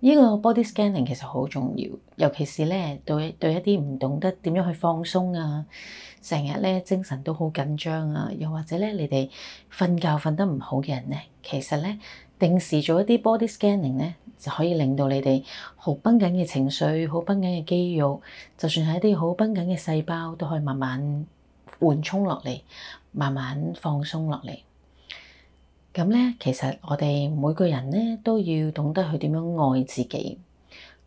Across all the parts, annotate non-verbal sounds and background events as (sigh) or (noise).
呢個 body scanning 其實好重要，尤其是呢對對一啲唔懂得點樣去放鬆啊，成日呢精神都好緊張啊，又或者呢你哋瞓覺瞓得唔好嘅人呢，其實呢定時做一啲 body scanning 呢，就可以令到你哋好繃緊嘅情緒、好繃緊嘅肌肉，就算係一啲好繃緊嘅細胞，都可以慢慢緩衝落嚟，慢慢放鬆落嚟。咁咧，其實我哋每個人咧都要懂得去點樣愛自己。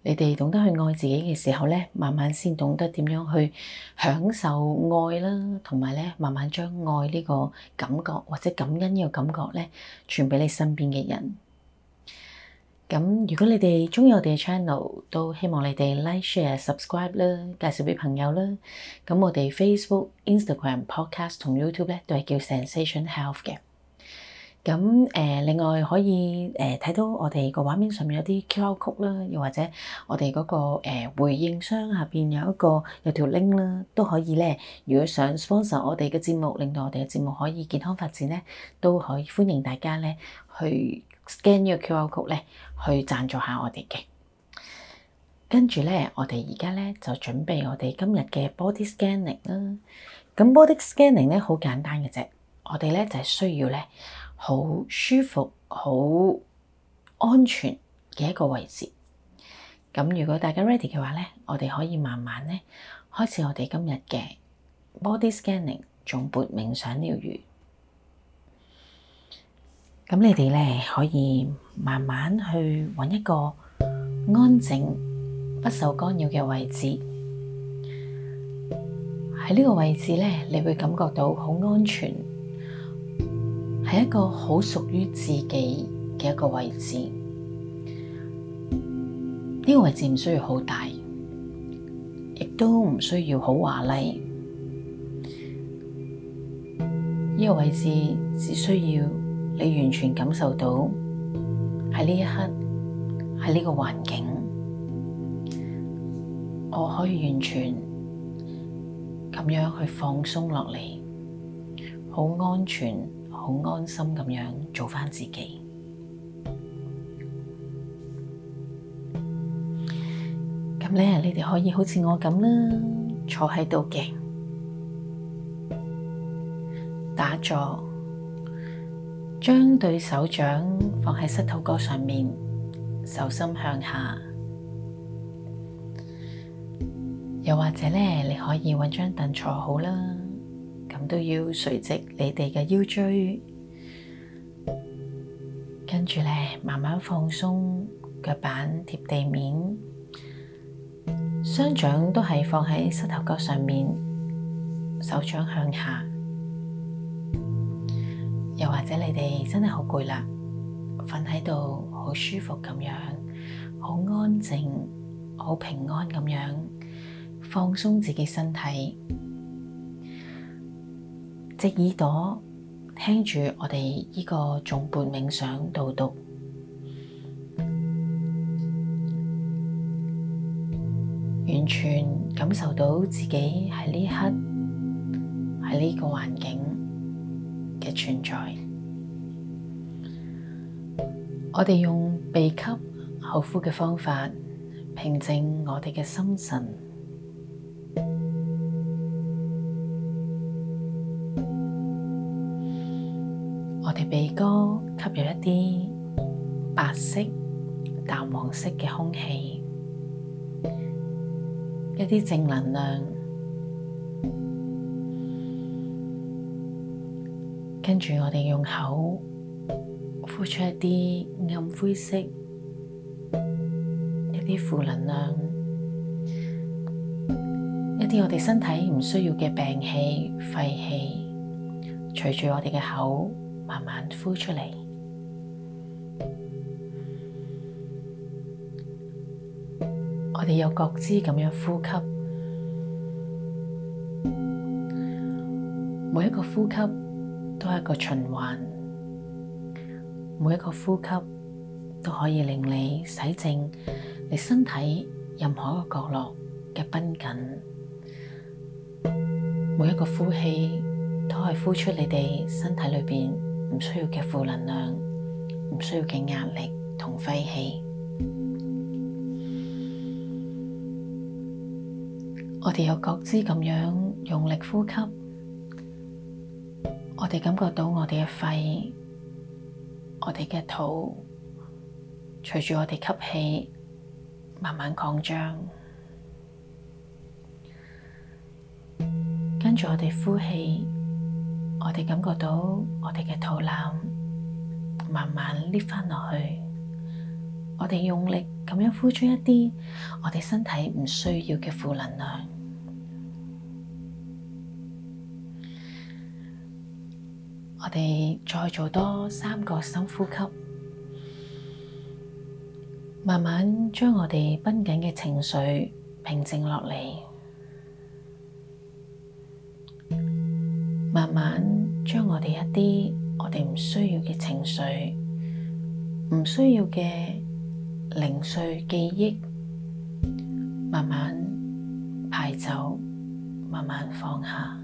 你哋懂得去愛自己嘅時候咧，慢慢先懂得點樣去享受愛啦，同埋咧，慢慢將愛呢個感覺或者感恩呢個感覺咧，傳俾你身邊嘅人。咁如果你哋鍾意我哋嘅 channel，都希望你哋 like、share、subscribe 啦，介紹俾朋友啦。咁我哋 Facebook、Instagram、Podcast 同 YouTube 咧，都係叫 Zensation Health 嘅。咁誒、呃，另外可以誒睇、呃、到我哋個畫面上面有啲 Q R 曲啦，又或者我哋嗰、那個、呃、回應箱下邊有一個有條 link 啦，都可以咧。如果想 sponsor 我哋嘅節目，令到我哋嘅節目可以健康發展咧，都可以歡迎大家咧去 scan 呢個 Q R 曲咧去贊助下我哋嘅。跟住咧，我哋而家咧就準備我哋今日嘅 body scanning 啦。咁 body scanning 咧好簡單嘅啫，我哋咧就係、是、需要咧。好舒服、好安全嘅一個位置。咁如果大家 ready 嘅話咧，我哋可以慢慢咧開始我哋今日嘅 body scanning，頌缽冥想療癒。咁你哋咧可以慢慢去搵一個安靜、不受干擾嘅位置。喺呢個位置咧，你會感覺到好安全。係一個好屬於自己嘅一個位置，呢個位置唔需要好大，亦都唔需要好華麗。呢個位置只需要你完全感受到喺呢一刻，喺呢個環境，我可以完全咁樣去放鬆落嚟，好安全。好安心咁樣做返自己。咁咧，你哋可以好似我咁啦，坐喺度嘅打坐，將對手掌放喺膝頭哥上面，手心向下。又或者咧，你可以揾張凳坐好啦。都要垂直你哋嘅腰椎，跟住咧慢慢放鬆腳板貼地面，雙掌都係放喺膝頭角上面，手掌向下。又或者你哋真係好攰啦，瞓喺度好舒服咁樣，好安靜，好平安咁樣，放鬆自己身體。只耳朵聽住我哋呢個頌缽冥想導讀，完全感受到自己喺呢刻喺呢個環境嘅存在。我哋用鼻吸口呼嘅方法，平靜我哋嘅心神。黃色嘅空氣，一啲正能量，跟住我哋用口呼出一啲暗灰色，一啲負能量，一啲我哋身體唔需要嘅病氣、廢氣，隨住我哋嘅口慢慢呼出嚟。我哋有覺知咁樣呼吸，每一個呼吸都係一個循環，每一個呼吸都可以令你洗淨你身體任何一個角落嘅繃緊，每一個呼氣都可以呼出你哋身體裏邊唔需要嘅負能量，唔需要嘅壓力同廢氣。我哋有覺知咁樣用力呼吸，我哋感覺到我哋嘅肺、我哋嘅肚，隨住我哋吸氣慢慢擴張，跟住我哋呼氣，我哋感覺到我哋嘅肚腩慢慢 lift 翻落去，我哋用力咁樣呼出一啲我哋身體唔需要嘅負能量。我哋再做多三個深呼吸，慢慢將我哋繃緊嘅情緒平靜落嚟，慢慢將我哋一啲我哋唔需要嘅情緒、唔需要嘅零碎記憶，慢慢排走，慢慢放下。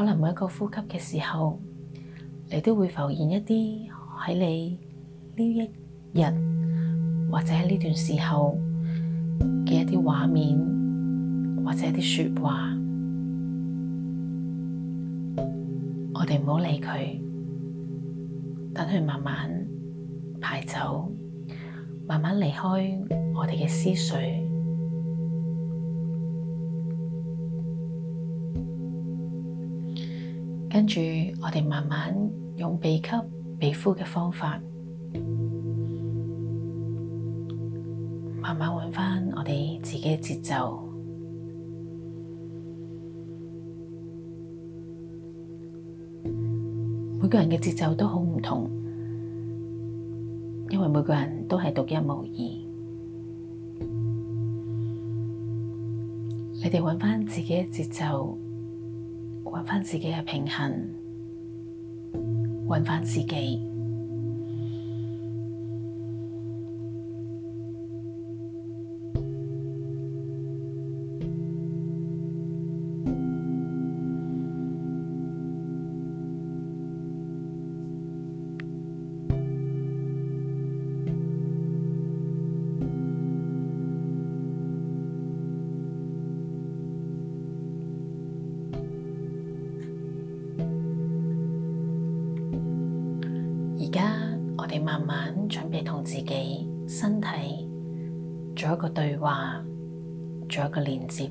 可能每一個呼吸嘅時候，你都會浮現一啲喺你呢一日或者喺呢段時候嘅一啲畫面或者一啲說話，我哋唔好理佢，等佢慢慢排走，慢慢離開我哋嘅思緒。跟住，我哋慢慢用鼻吸鼻呼嘅方法，慢慢揾翻我哋自己嘅節奏。每個人嘅節奏都好唔同，因為每個人都係獨一無二。你哋揾翻自己嘅節奏。揾翻自己嘅平衡，揾翻自己。自己身體做一個對話，做一個連接。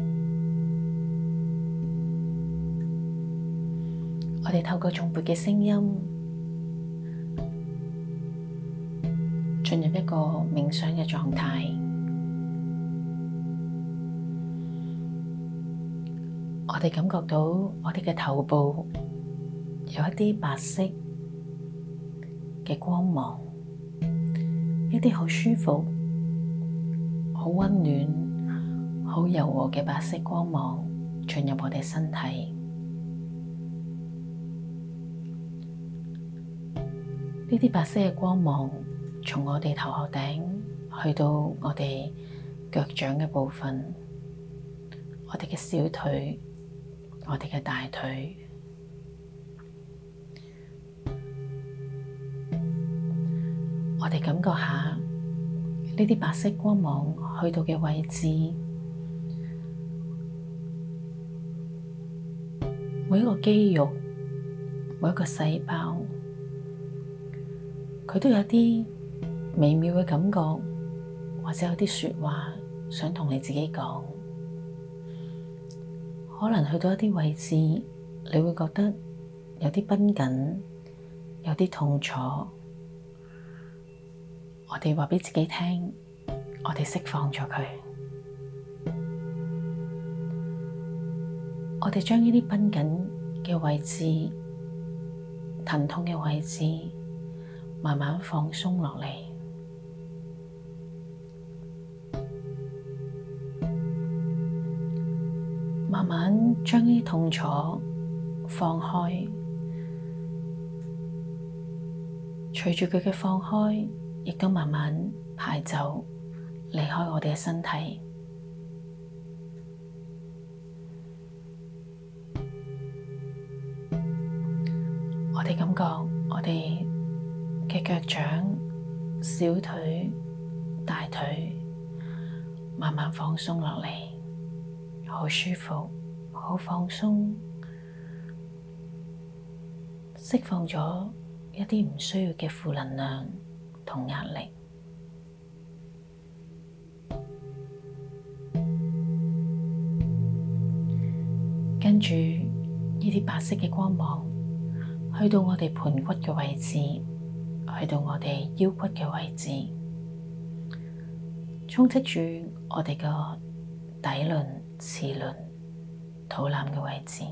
(noise) 我哋透過頌缽嘅聲音，進入一個冥想嘅狀態。我哋感覺到我哋嘅頭部有一啲白色嘅光芒，一啲好舒服、好溫暖、好柔和嘅白色光芒進入我哋身體。呢啲白色嘅光芒從我哋頭殼頂去到我哋腳掌嘅部分，我哋嘅小腿，我哋嘅大腿，我哋感覺下呢啲白色光芒去到嘅位置，每一個肌肉，每一個細胞，佢都有啲微妙嘅感覺，或者有啲說話想同你自己講。可能去到一啲位置，你會覺得有啲繃緊，有啲痛楚。我哋話俾自己聽，我哋釋放咗佢，我哋將呢啲繃緊嘅位置、疼痛嘅位置，慢慢放鬆落嚟，慢慢將呢啲痛楚放開，隨住佢嘅放開。亦都慢慢排走，離開我哋嘅身體。我哋感覺我哋嘅腳掌、小腿、大腿，慢慢放鬆落嚟，好舒服，好放鬆，釋放咗一啲唔需要嘅負能量，同壓力，跟住呢啲白色嘅光芒去到我哋盆骨嘅位置，去到我哋腰骨嘅位置，充斥住我哋個底輪、臍輪、肚腩嘅位置。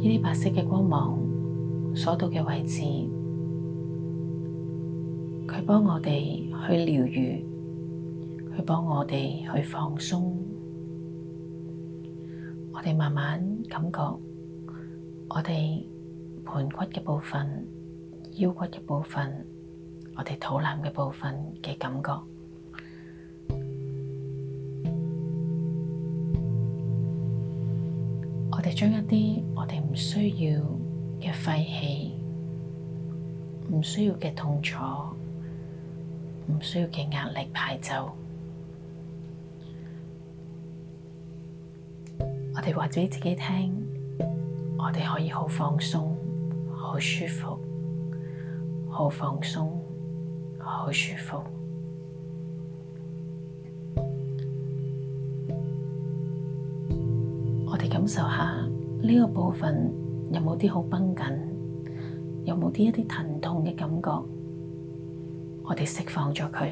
呢啲白色嘅光芒所到嘅位置，佢幫我哋去療癒，佢幫我哋去放鬆，我哋慢慢感覺，我哋盤骨嘅部分、腰骨嘅部分、我哋肚腩嘅部分嘅感覺，我哋將一啲。唔需要嘅廢氣，唔需要嘅痛楚，唔需要嘅壓力排走。我哋話俾自己聽，我哋可以好放鬆，好舒服，好放鬆，好舒服。我哋感受下。呢個部分有冇啲好繃緊？有冇啲一啲疼痛嘅感覺？我哋釋放咗佢。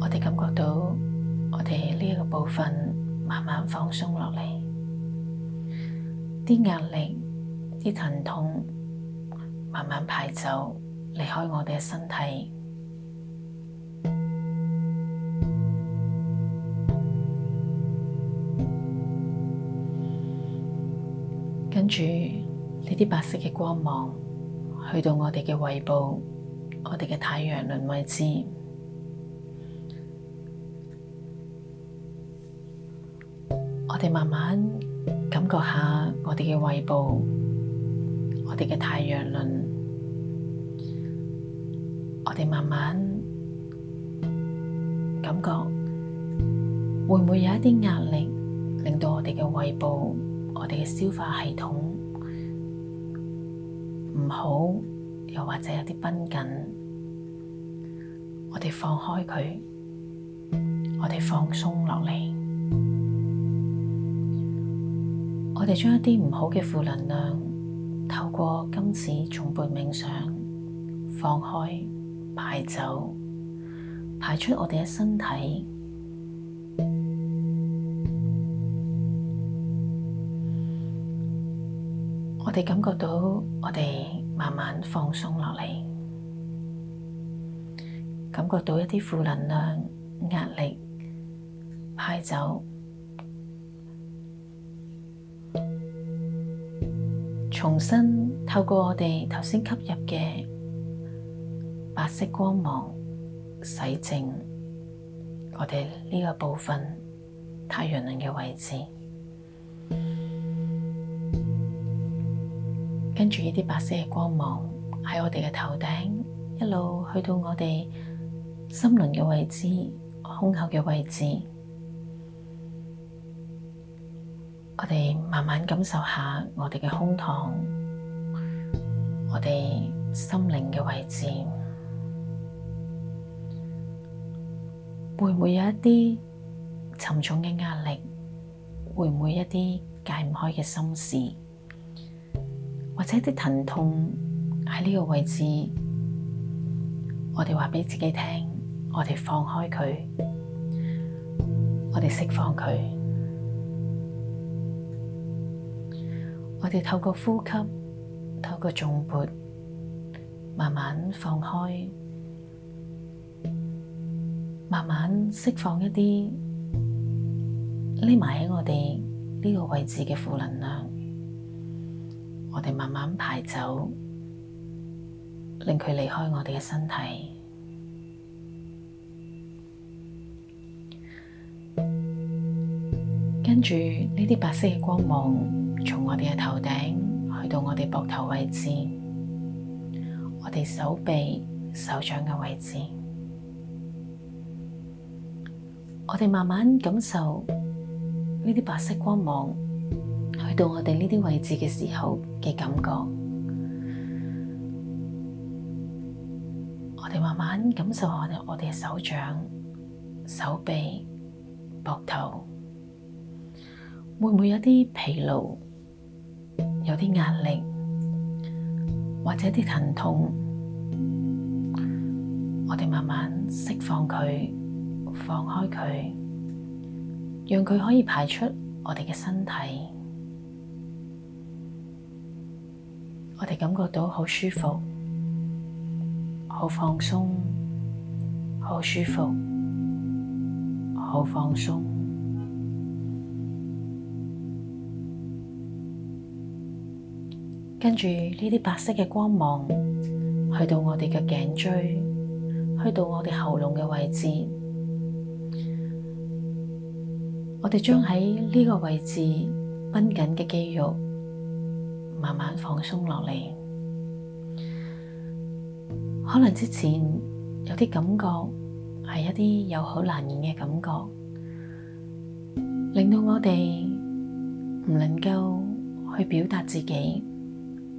我哋感覺到我哋呢一個部分慢慢放鬆落嚟，啲壓力、啲疼痛。慢慢排走，離開我哋嘅身體，跟住呢啲白色嘅光芒去到我哋嘅胃部，我哋嘅太陽輪位置，我哋慢慢感覺下我哋嘅胃部。我哋嘅太陽輪，我哋慢慢感覺會唔會有一啲壓力，令到我哋嘅胃部、我哋嘅消化系統唔好，又或者有啲繃緊，我哋放開佢，我哋放鬆落嚟，我哋將一啲唔好嘅負能量。透過今次頌缽冥想，放開，排走，排出我哋嘅身體， (noise) 我哋感覺到我哋慢慢放鬆落嚟，感覺到一啲負能量、壓力排走。重新透過我哋頭先吸入嘅白色光芒，洗淨我哋呢個部分太陽輪嘅位置，跟住呢啲白色嘅光芒喺我哋嘅頭頂，一路去到我哋心輪嘅位置、胸口嘅位置。我哋慢慢感受下我哋嘅胸膛，我哋心靈嘅位置，會唔會有一啲沉重嘅壓力？會唔會有一啲解唔開嘅心事，或者一啲疼痛喺呢個位置？我哋話俾自己聽，我哋放開佢，我哋釋放佢。我哋透過呼吸，透過頌缽，慢慢放開，慢慢釋放一啲匿埋喺我哋呢個位置嘅負能量，我哋慢慢排走，令佢離開我哋嘅身體。跟住呢啲白色嘅光芒。從我哋嘅頭頂去到我哋膊頭位置，我哋手臂、手掌嘅位置，我哋慢慢感受呢啲白色光芒去到我哋呢啲位置嘅時候嘅感覺。我哋慢慢感受下我哋嘅手掌、手臂、膊頭會唔會有啲疲勞？有啲壓力或者啲疼痛，我哋慢慢釋放佢，放開佢，讓佢可以排出我哋嘅身體。我哋感覺到好舒服，好放鬆，好舒服，好放鬆。跟住呢啲白色嘅光芒去到我哋嘅頸椎，去到我哋喉嚨嘅位置，我哋將喺呢個位置繃緊嘅肌肉慢慢放鬆落嚟。可能之前有啲感覺係一啲有口難言嘅感覺，令到我哋唔能夠去表達自己。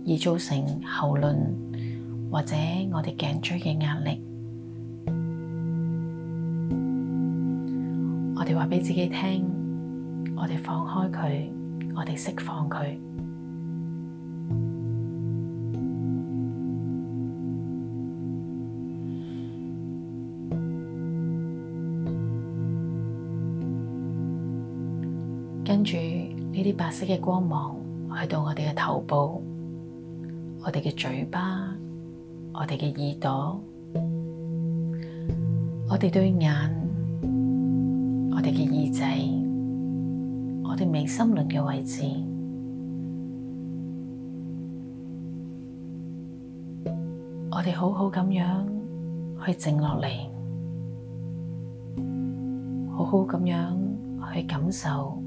而造成喉輪或者我哋頸椎嘅壓力，我哋話俾自己聽，我哋放開佢，我哋釋放佢，跟住呢啲白色嘅光芒去到我哋嘅頭部。我哋嘅嘴巴，我哋嘅耳朵，我哋對眼，我哋嘅耳仔，我哋眉心輪嘅位置，我哋好好咁樣去靜落嚟，好好咁樣去感受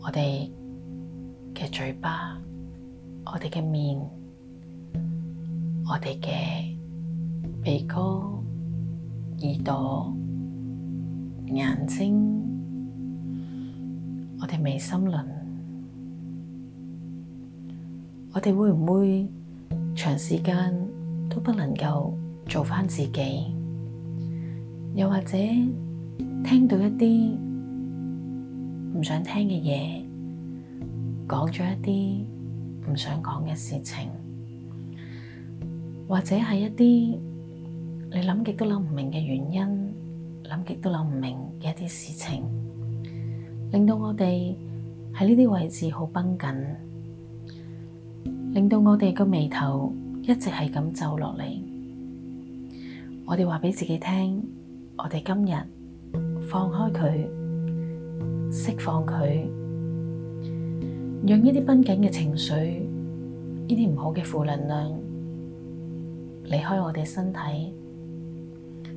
我哋嘅嘴巴。我哋嘅面，我哋嘅鼻哥、耳朵、眼睛，我哋眉心輪，我哋會唔會長時間都不能夠做返自己？又或者聽到一啲唔想聽嘅嘢，講咗一啲唔想講嘅事情，或者係一啲你諗極都諗唔明嘅原因，諗極都諗唔明嘅一啲事情，令到我哋喺呢啲位置好繃緊，令到我哋個眉頭一直係咁皺落嚟。我哋話俾自己聽，我哋今日放開佢，釋放佢。讓呢啲繃緊嘅情緒，呢啲唔好嘅負能量離開我哋嘅身體，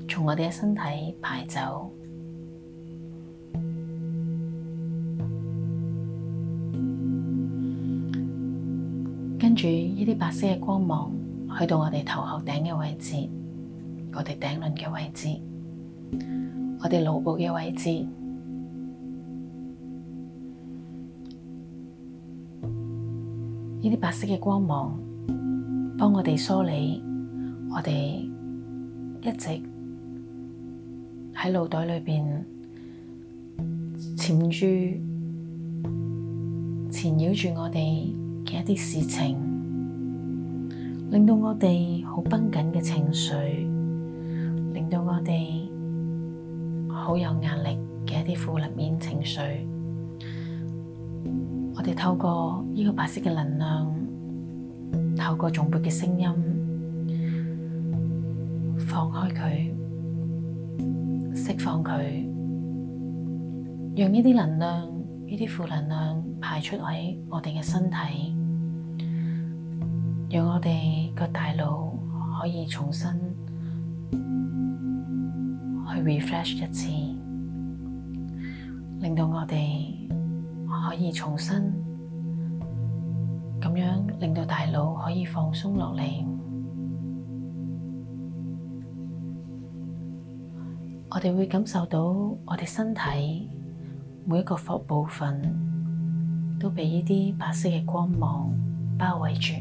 從我哋嘅身體排走。跟住呢啲白色嘅光芒去到我哋頭殼頂嘅位置，我哋頂輪嘅位置，我哋腦部嘅位置。呢啲白色嘅光芒，幫我哋梳理，我哋一直喺腦袋裏邊纏住、纏繞住我哋嘅一啲事情，令到我哋好繃緊嘅情緒，令到我哋好有壓力嘅一啲負面情緒。我哋透過呢個白色嘅能量，透過頌缽嘅聲音，放開佢，釋放佢，讓呢啲能量、呢啲負能量排出喺我哋嘅身體，讓我哋個大腦可以重新去 refresh 一次，令到我哋。可以重新咁樣令到大腦可以放鬆落嚟，我哋會感受到我哋身體每一個部部分都被呢啲白色嘅光芒包圍住，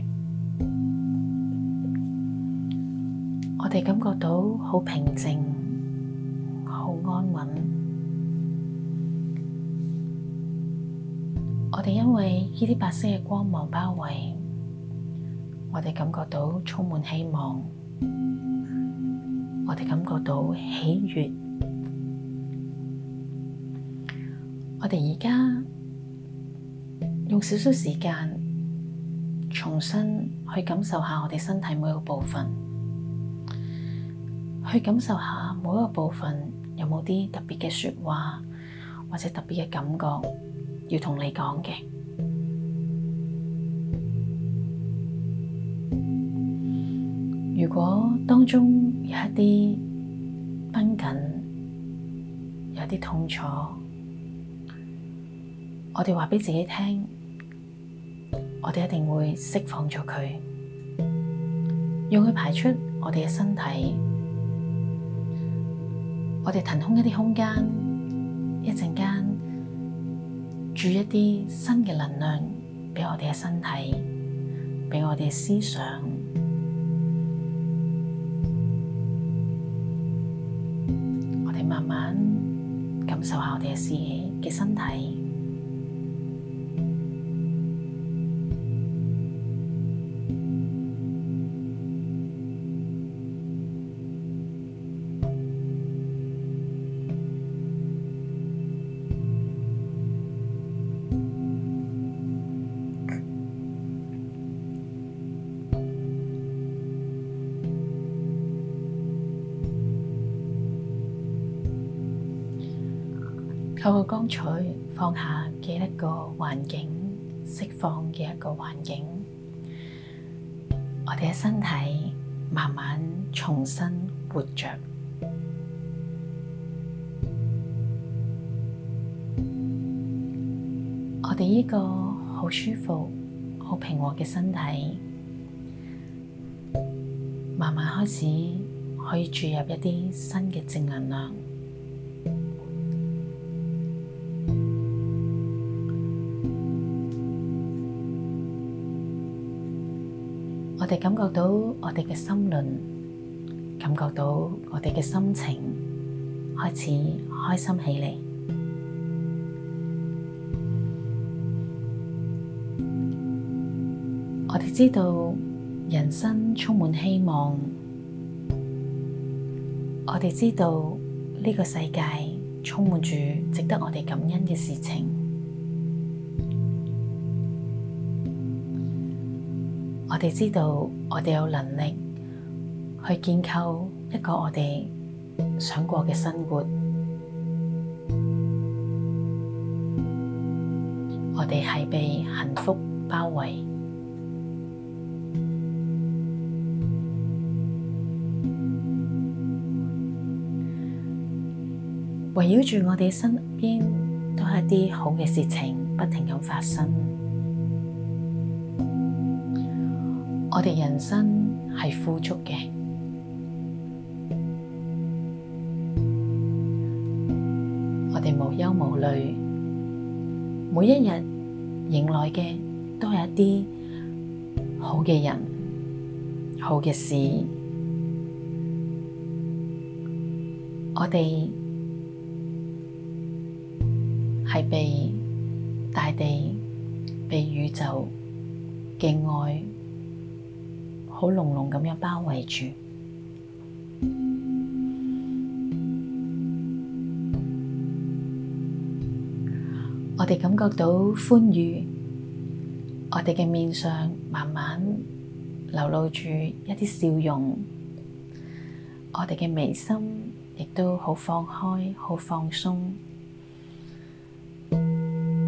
我哋感覺到好平靜，好安穩。我哋因為呢啲白色嘅光芒包圍，我哋感覺到充滿希望，我哋感覺到喜悦，我哋而家用少少時間重新去感受下我哋身體每一個部分，去感受下每一個部分有冇啲特別嘅說話或者特別嘅感覺。要同你講嘅，如果當中有一啲繃緊，有啲痛楚，我哋話俾自己聽，我哋一定會釋放咗佢，用佢排出我哋嘅身體，我哋騰空一啲空間，一陣間。注入一啲新嘅能量俾我哋嘅身體，俾我哋嘅思想，我哋慢慢感受下我哋嘅視野嘅身體。剛才放下嘅一個環境，釋放嘅一個環境，我哋嘅身體慢慢重新活着。我哋呢個好舒服、好平和嘅身體，慢慢開始可以注入一啲新嘅正能量。我哋感覺到我哋嘅心靈，感覺到我哋嘅心情開始開心起嚟。我哋知道人生充滿希望，我哋知道呢個世界充滿住值得我哋感恩嘅事情。我哋知道，我哋有能力去建構一個我哋想過嘅生活。我哋係被幸福包圍，圍繞住我哋身邊，都係一啲好嘅事情，不停咁發生。我哋人生係富足嘅，我哋無憂無慮，每一日迎來嘅都係一啲好嘅人、好嘅事。我哋係被大地、被宇宙嘅愛。好濃濃咁樣包圍住，我哋感覺到歡愉，我哋嘅面上慢慢流露住一啲笑容，我哋嘅眉心亦都好放開、好放鬆，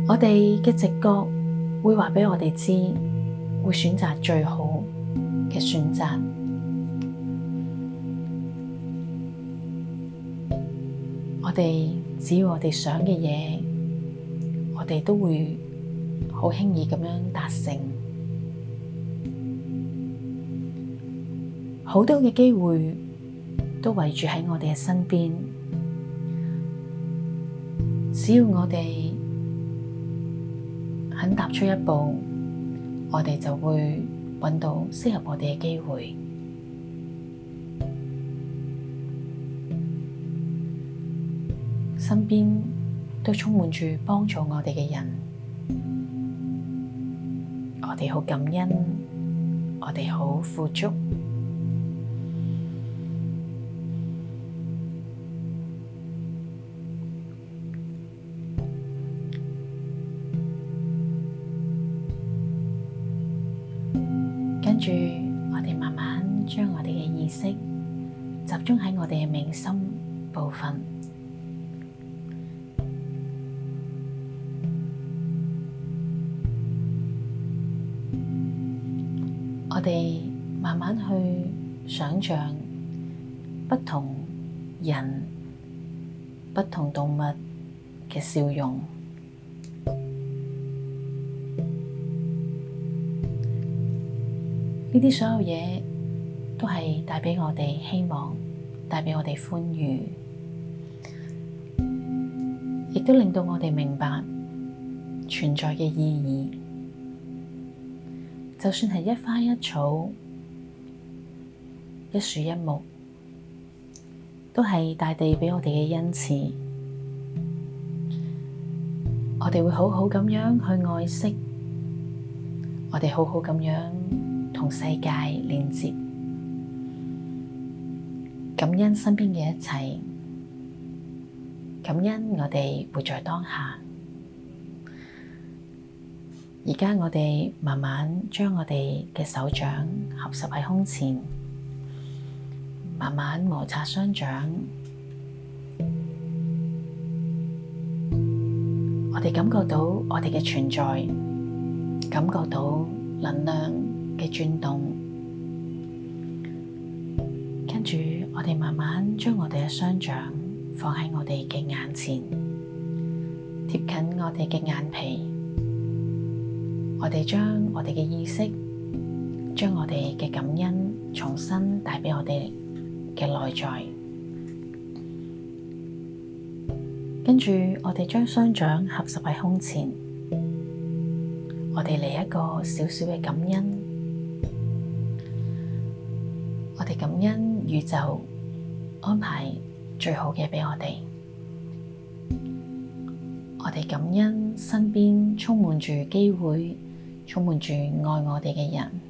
我哋嘅直覺會話俾我哋知，會選擇最好。嘅選擇，我哋只要我哋想嘅嘢，我哋都會好輕易咁樣達成。好多嘅機會都圍住喺我哋嘅身邊，只要我哋肯踏出一步，我哋就會。搵到適合我哋嘅機會，身邊都充滿住幫助我哋嘅人，我哋好感恩，我哋好富足。慢慢去想象不同人、 (noise) 不同動物嘅笑容，呢啲 (noise) 所有嘢都係帶畀我哋希望，帶畀我哋歡愉，亦都令到我哋明白存在嘅意義。就算係一花一草。一樹一木都係大地畀我哋嘅恩賜，我哋會好好咁樣去愛惜，我哋好好咁樣同世界連接，感恩身邊嘅一切，感恩我哋活在當下。而家我哋慢慢將我哋嘅手掌合十喺胸前。慢慢摩擦雙掌，我哋感覺到我哋嘅存在，感覺到能量嘅轉動。跟住，我哋慢慢將我哋嘅雙掌放喺我哋嘅眼前，貼近我哋嘅眼皮。我哋將我哋嘅意識，將我哋嘅感恩重新帶畀我哋嘅內在，跟住我哋將雙掌合十喺胸前，我哋嚟一個少少嘅感恩，我哋感恩宇宙安排最好嘅畀我哋，我哋感恩身邊充滿住機會，充滿住愛我哋嘅人。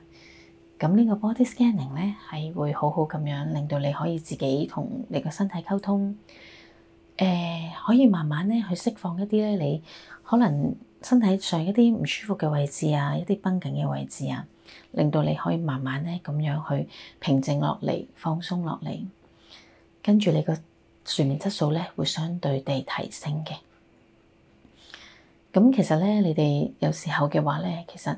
咁呢個 body scanning 咧，係會好好咁樣，令到你可以自己同你個身體溝通。誒、呃，可以慢慢咧去釋放一啲咧，你可能身體上一啲唔舒服嘅位置啊，一啲繃緊嘅位置啊，令到你可以慢慢咧咁樣去平靜落嚟，放鬆落嚟，跟住你個睡眠質素咧會相對地提升嘅。咁其實咧，你哋有時候嘅話咧，其實，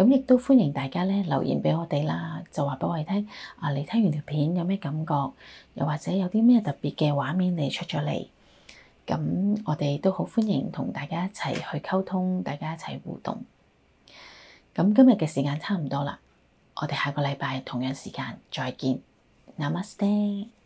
咁亦都歡迎大家咧留言畀我哋啦，就話畀我哋聽，啊你聽完條片有咩感覺，又或者有啲咩特別嘅畫面你出咗嚟，咁我哋都好歡迎同大家一齊去溝通，大家一齊互動。咁今日嘅時間差唔多啦，我哋下個禮拜同樣時間再見，Namaste。Nam